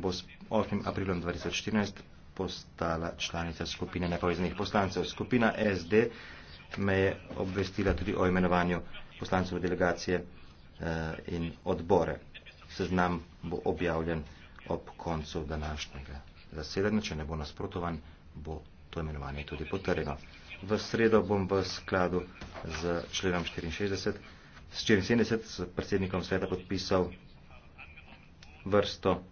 bo s 8. aprilom 2014 postala članica skupine nepovezanih poslancev. Skupina SD me je obvestila tudi o imenovanju poslancev delegacije eh, in odbore. Seznam bo objavljen ob koncu današnjega zasedanja. Če ne bo nasprotovan, bo to imenovanje tudi potrjeno. V sredo bom v skladu z členom 64, s 74 s predsednikom sveta podpisal vrsto